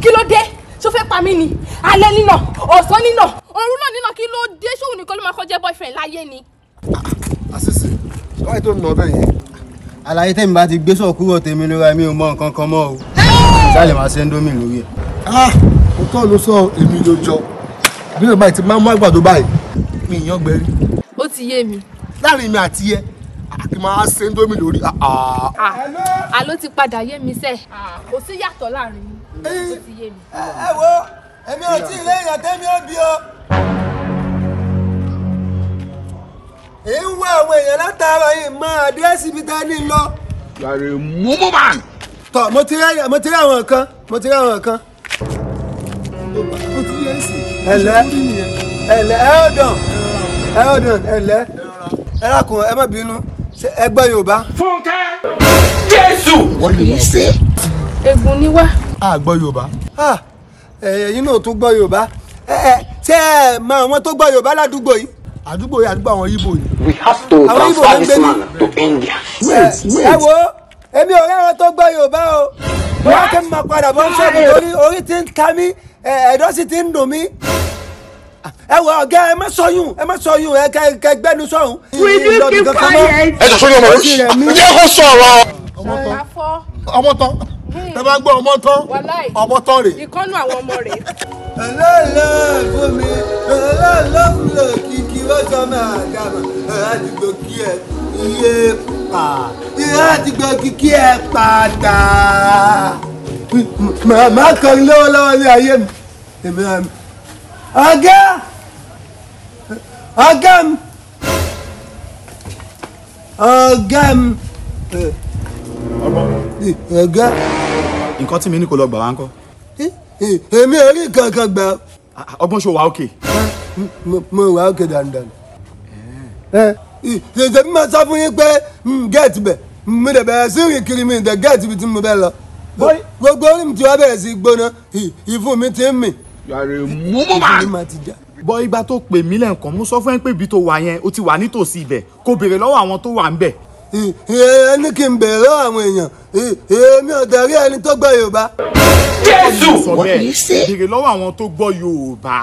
kí ló dé ṣó fẹ́ pa mí ni alẹ́ nínà ọ̀sán nínà òru náà nínà kí ló dé ṣóun nìkan ló máa kọ́ jẹ́ boyfriend láyé ni. àṣìṣe báyìí tó ń nà bẹ́ẹ̀ yẹn. àlàyé tẹ́mi bá ti gbé sọ̀ kúrò tèmi lóra mi ò mọ nǹkan kan mọ́ o. sálẹ̀ máa ṣe ń dómìn lórí ẹ̀. ah mo tọ́ ló sọ èmi ló jọ nínú báyìí ti máa ń mú àgbàdo báyìí mi ìyàn gbẹrí. ó ti yé mi. láàrin mi àti yẹ àti máa ṣe ń dómìn lórí. Ah, ah. Ah, àló ti padà yé mi sẹ́ẹ̀ kò sí yàtọ̀ láàrin mi ẹ eh, eh, wo èmi ò tí ì léèyàn tẹ́mi ó bí o èyí ń wá àwọn èèyàn látara yìí mọ àdírẹ́sì ibi tá a ní lọ. yàrá ìmúmú man. tọ mo ti rí mo ti rí àwọn kan mo ti rí àwọn kan. ẹlẹ ẹlẹ ẹ ó dàn ẹ ó dàn ẹlẹ ẹ lákùn ẹ má bínú ẹ gbọ́ Yorùbá. Fúnkẹ́ Jésù. wọ́n lè ní í ṣe. egun ni wá a gbọ́ yorùbá. ẹ̀yin náà tún gbọ́ yorùbá ṣé ẹ mọ àwọn tó gbọ́ yorùbá ládùúgbò yìí àdúgbò yìí àdúgbò àwọn ibo ni. we have to transfer this man to India. wait wait ẹ wo èmi ò rẹ́ran tó gbọ́ yorùbá o bóyá kí n máa padà bọ́ ṣọ́ọ̀bù torí orí ti ń ta mí ẹ̀dọ̀ sì ti ń dùn mí ẹ wọ ọgá ẹ má sọyún ẹ má sọyún ẹ kẹ kẹ gbẹnu sọhún. wíjú kí pààyàn. ẹ jọ sọ yọmọ ẹ jẹ kó sọ̀rọ̀. ọmọ tán ọmọ tán. Hmm. tẹ bá gbọ́ ọmọ tán ọmọ tán rè. ìkọ́nù àwọn ọmọ rè. ọlọ́ọ̀lọ́ fún mi ọlọ́ọ̀lọ́ fún lò kìkì wọ́n sọ máa gàmà àdìgbò kí ẹ iye pa iye kìkì ẹ padà. màmá kan lọ́wọ́lọ́wọ́ ní ayé mi èmi àmì. ọ̀gá ọ̀gá mi ọ̀gá mi ọ̀gá nǹkan tí mi ní kò lọ gbà wá ńkọ́. èmi ò rí kankan gbà. ọgbọ́n ṣe wà òkè. mo wà òkè dandan. ṣèṣe bí mo sọ fún yín pé mm, gẹ́ẹ̀tì bẹ̀ mo lè bẹ̀rẹ̀ sí rìn kiri mi ìdẹ gẹ́ẹ̀tì bí mo bẹ̀ lọ. gbogbo orí mi ti wá bẹ̀rẹ̀ sí gbóná ìfun mi ti ń mì. yàrá ìmúmú máa bọ́ ìgbà tó pè mí lẹ́ǹkan mo sọ fún ẹ pé ibi tó wà yẹn o ti wà nítòsí ibẹ̀ kò béèrè lọ́wọ́ àwọn tó wà ń bẹ̀ ẹni kí n bẹ̀rẹ̀ lọ́wọ́ àwọn èèyàn èmi ò darí ẹni tó gbọ́ yorùbá. jésù béèrè lọ́wọ́ àwọn tó gbọ́ yorùbá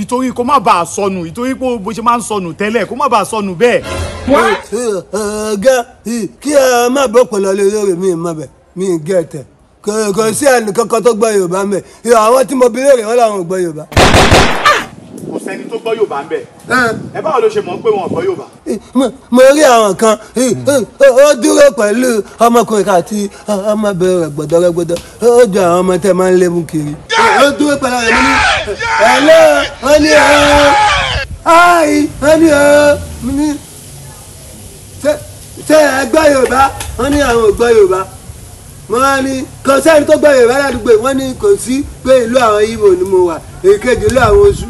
ìtorí kó má bàa sọnù ìtorí pé bó ṣe máa ń sọnù tẹ́lẹ̀ kó má bàa sọnù bẹ́ẹ̀. ọ̀gá kí ẹ má bọ́ pẹ̀lú olórí mi má bẹ̀ mi gẹ̀ tẹ̀ kò sí ẹnì kankan tó gbọ́ yorùbá mẹ́ àwọn tí mo bi léèrè wọn làwọn gbọ́ yorùbá sẹ́ni tó gbọ́ Yorùbá ń bẹ̀. Eh. ẹ báwo ló ṣe mọ̀ pé wọn gbọ́ Yorùbá. Eh, mo rí àwọn kan eh, ó dúró pẹ̀lú ọmọkùnrin kan àti ọmọbìnrin rẹ̀ gbọ̀dọ̀rẹ́gbọ̀dọ̀ ó jọ àwọn ọmọ tẹ́ máa ń lé mú kiri. ó dúró pẹ̀lú ọ̀rẹ́ mi ní ẹ̀lẹ́ ó ní ọ̀rẹ́ áì ó ní ọ̀rẹ́ mi ní ṣé ẹ gbọ́ Yorùbá ó ní àwọn ò gbọ́ Yorùbá wọ́n ní kò sẹ́ni tó gbọ́ Yorùbá ládùúgbò wọ́n ní kò sí pé ìlú àwọn Ìgbò ni mo wà èkejì ìlú àwọn oṣù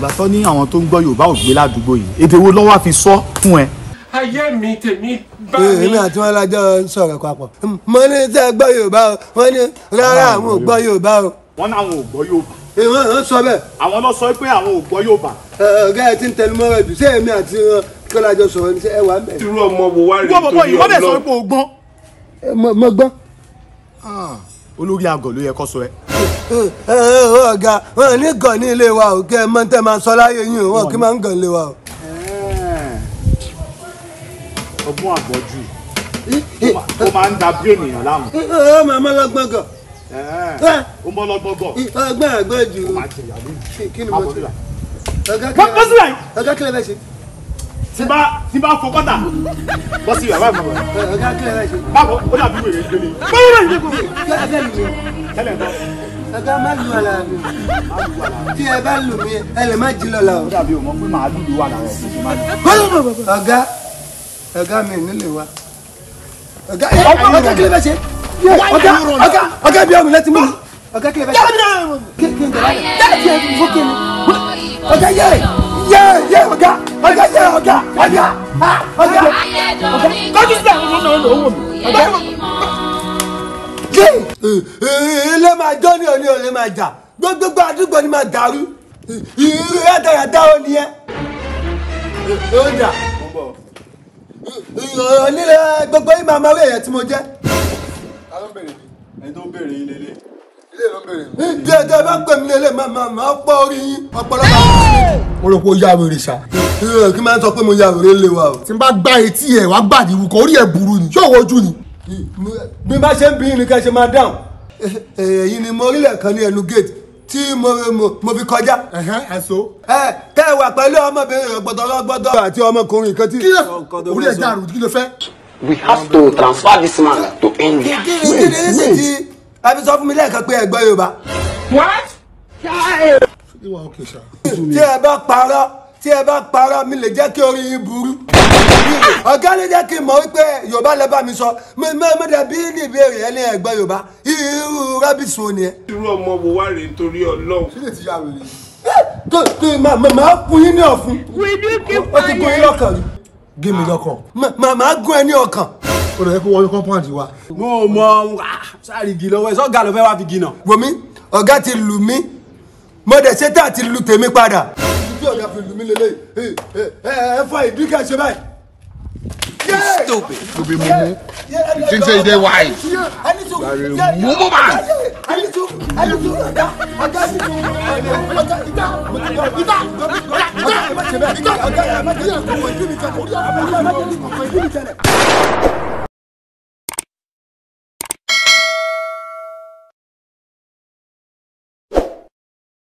gbàtọ́ ní àwọn tó ń gbọ́ yorùbá ò gbé ládùúgbò yìí èdè wo lọ́wọ́ fi sọ fún ẹ. ayé mi tèmi bá eh, mi. èmi àti wọn lájọ sọ̀rọ̀ papọ̀ mo ní sẹ́ gbọ́ yorùbá o wọ́n ní rárá àwọn ò gbọ́ yorùbá o. wọ́n ní àwọn ò gbọ́ yorùbá. ìwọ eh, ń sọ bẹ́ẹ̀. àwọn lọ sọ pé àwọn ò gbọ́ yorùbá. Eh, ọ̀gá ẹ ti ń tẹnu mọ́ra jù sí èmi àti wọn kọ́lájọ sọ̀rọ̀ ní ẹ wà ń bẹ̀. irú ọmọ wo wá rí torí ọlọ́run. mo gbọ́ ah, olórí àgọ̀ ló yẹ kó sọ ẹ ọ̀gá wọn ní gàn ní ilé wa ò kẹ́ ẹ mọ́ tẹ́ máa sọ láyé yín wọn kí máa ń gàn ilé wa o. ọgbọ́n àgbọ̀jù ó máa ń da bí ènìyàn láàmú. ó máa mọ́ lọ́gbọ́n gàn. ó mọ́ lọ́gbọ́n gàn. ọgbọ́n àgbọ̀jù kí ni mo ti rà. ọ̀gá kílẹ̀ bẹ́ẹ̀ ṣe tìbá tìbá fọkọta bọ sí yàrá ìfọwọ́. báwo ó dàbí wèrè gbélé. báwo ló ń jẹ́ kó. tẹ́lẹ̀ tẹ́lẹ̀ tẹ́lẹ̀ tọ́ ẹgbẹ́ má lu ara mi tí ẹ bá lù mí ẹ lè má jí lọ́la o. dàbí o mọ pé màá lùlù wà lára ẹ̀ ọ̀gá ọ̀gá mi nílé wa ọ̀gá ọ̀gá kílẹ̀ bẹ́ẹ̀ ṣe ọ̀gá ọ̀gá ọ̀gá bí ọ̀gùn lẹ́tí mú mi ọ̀gá kílẹ̀ bẹ́ẹ̀ ṣe kí n tẹ̀lé dáàbò tiẹ̀ fún kí ni ọ̀gá yẹ yẹ yẹ ọ̀gá ọ̀gá yẹ ọ̀gá ọ̀gá ọ̀gá ọ̀gá kọ́jú sílẹ̀ ọ̀gá ọ̀gá ọ̀gá ilé máa jọ́ ní òní òní máa jà gbogbo àdúgbò ni máa dàrú irú ẹ̀dàràdà ó ní ẹ́ ó dà onílé gbogbo yìí máa máa wé ẹ̀yẹ tí mo jẹ́. ẹni tó ń béèrè yín lélẹ̀ ilé ló ń béèrè yín. díẹ̀ bá ń lélẹ̀ máa máa máa pọ́ orí yín ọ̀pọ̀lọpọ̀ mo rò pé ó yá wèrè ṣá kí máa sọ pé mo yá wèrè lé wa o. tí n bá gbá etí ẹ̀ wá gbàdìwù kan orí ẹ̀ burú ni yóò wojú ni bí bá ṣe ń bí ní ká ṣe máa dáhùn. Eh, eh, èyí ni mo rílẹ̀ kan ní ẹnu gate tí mo fi kọjá. ẹ̀sọ́. ẹ eh, tẹ́ ẹ wà pẹ̀lú ọmọbìnrin gbọdọgbọdọ àti ọmọkùnrin kan tí. kí ló orí ẹ̀ dàrú kí ló fẹ́. we have to transfer this man to India. kí ni kí ni ṣe ti a fi sọ fún mi lẹ́ẹ̀kan pé ẹ̀gbọ́n Yorùbá. what. tí ẹ bá parọ́ tí ẹ bá parọ́ mi lè jẹ́ kí orí yín burú ọ̀gá ló jẹ́ kí n mọ̀ wípé yorùbá lẹ bá mi sọ mẹ́mẹ́dẹ̀ bí ní ìbéèrè ẹ ní ẹgbẹ́ yorùbá irú rabbit wo ẹ. irú ọmọ wo wá rèé nítorí ọlọ́run. kí lè ti yá wèrè. tó tó màmá fún yín ní ọ̀fun. wíjú ti gún yín lọ́kàn rí. gé mi lọ́kàn. màmá gún ẹ ní ọkàn. o lè yẹ kó wọlé compound wa. mo mọ sáré igi lọ́wọ́ ẹ sọ́gà ló fẹ́ wá fi igi ya fi lumi lele ẹ ẹ fa ìdí ká ṣe báyìí. you stupid. you be mumu you think say you dey wise. you are a mumu man. Thank you.